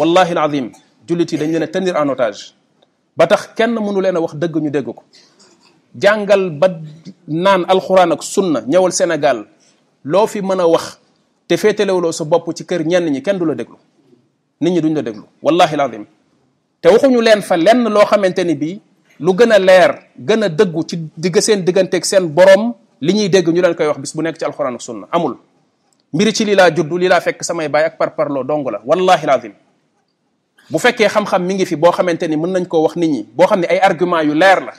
wallahi alazim julit yi dañ leen a tenir en otage ba tax kenn mënu leen a wax dëgg ñu dégg ko jàngal ba naan alquran ak sunna ñëwal sénégal loo fi mën a wax te féetalewuloo sa bopp ci kër ñenn ñi kenn du la déglu nit ñi duñ la déglu wallahi alazim te waxuñu leen fa lenn loo xamante ni bii lu gën a leer gën a dëggu ci digg seen digganteeg seen borom li ñuy dégg ñu leen koy wax bis bu nekk ci alquran ak sunna amul mbiri ci li laa juddu li laa fekk samay baay ak par parloo dong la wallahi alazim bu fekkee xam-xam mi ngi fi boo xamante ni mën nañ koo wax nit ñi boo xam ne ay argument yu leer la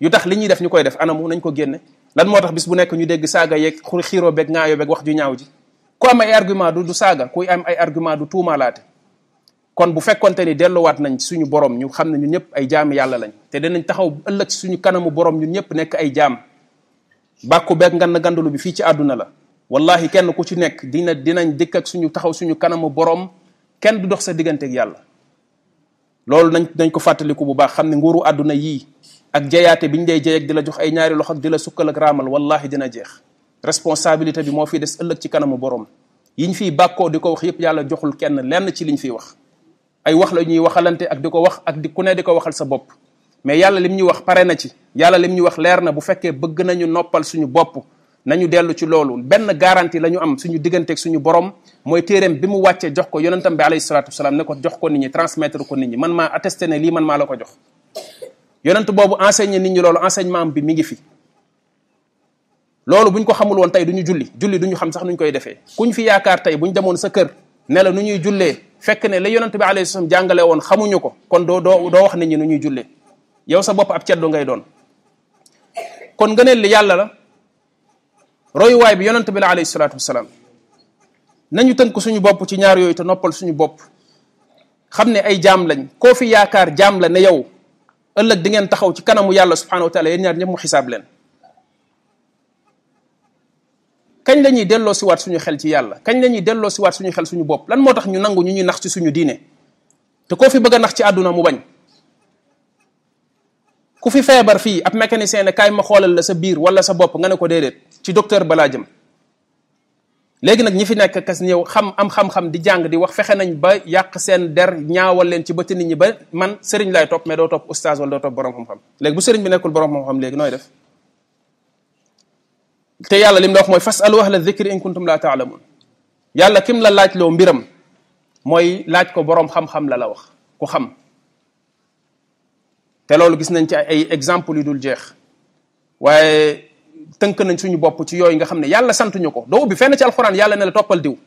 yu tax li ñuy def ñu koy def anamu nañ ko génne lan moo tax bis bu nekk ñu dégg saaga yeeg xiiroo beeg ŋaayoo wax ju ñaaw ji ku am du du saaga kuy am ay argument du tuumaalaate kon bu fekkonte ni delluwaat nañ ci suñu borom ñu xam ne ñëpp ay jaam yàlla lañ te danañ taxaw ëllëg suñu kanamu borom ñun ñëpp nekk ay jaam bàkku beeg ngand ngandalu bi fii ci àdduna la wallahi kenn ku ci nekk dina dinañ dikk ak suñu taxaw suñu kanamu borom kenn du dox sa digganteek yàlla lolou nañ nañ ko fàttaliku bu baax xamni nguru aduna yi ak jeyate biñ day jeyeg di la jox ay ñaari lox ak dila sukkal ak ramal wallahi dina jeex responsabilité bi mo fi dess ëlëk ci kanamu borom yiñ fi bàkkoo diko wax yépp yàlla joxul kenn lenn ci liñ fi wax ay wax la ñuy waxalante ak diko wax ak di ku ne diko waxal sa bop mais yàlla lim ñu wax pare na ci yàlla lim ñu wax leer na bu fekkee bëgg nañu noppal suñu bop nañu dellu ci loolu benn garanti la ñu am suñu digganteeg suñu borom mooy téereem bi mu wàccee jox ko yonentam bi alayhi salatu wasalaam ne ko jox ko nit ñi transmettre ko nit ñi man maa attesté ne lii man maa la ko jox yonent boobu enseigné nit ñi loolu enseignement bi mu ngi fi loolu buñ ko xamul woon tey du ñu julli julli ñu xam sax nuñ koy defee ku kuñ fi yaakaar tey buñ demoon sa kër ne la nu ñuy jullee fekk ne la yonent bi alayhi salaam jàngale woon xamuñu ko kon doo doo doo wax nit ñi nu ñuy jullee yow sa bopp ab ceddu ngay doon royuwaay bi yonent bi la alayhi salaatu wasalaam nañu tënk suñu bopp ci ñaar yooyu te noppal suñu bopp xam ne ay jaam lañ koo fi yaakaar jaam la ne yow ëllëg di ngeen taxaw ci kanamu yàlla subhanahu wa taala yéen ñaar ñëpp mu xisaab leen kañ la ñuy delloo si waat suñu xel ci yàlla kañ la ñuy delloo si waat suñu xel suñu bopp lan moo tax ñu nangu ñu ñuy nax ci suñu diine te koo fi bëgg a nax ci àdduna mu bañ ku fi feebar fii ab mécanicien ne kaay ma xoolal la sa biir wala sa bopp nga ne ko déedéet ci docteur balaa jëm léegi nag ñi fi nekk kas ñëw xam am xam-xam di jàng di wax fexe nañ ba yàq seen der ñaawal leen ci bëti nit ñi ba man sëriñ lay topp mais doo topp oustaz wala doo topp borom xam-xam léegi bu sëriñ bi nekkul borom xam-xam léegi nooy def te yàlla lim la wax mooy fasalu ahla dhikri in kuntum la taalamun yàlla kim la laaj loo mbiram mooy laaj ko borom xam-xam la la wax ku xam te loolu gis nañ ci ay exemple yu dul jeex waaye tënk nañ suñu bopp ci yooyu nga xam ne yàlla santuñu ko doo ubbi fenn ci alxuraan yàlla ne la toppal diw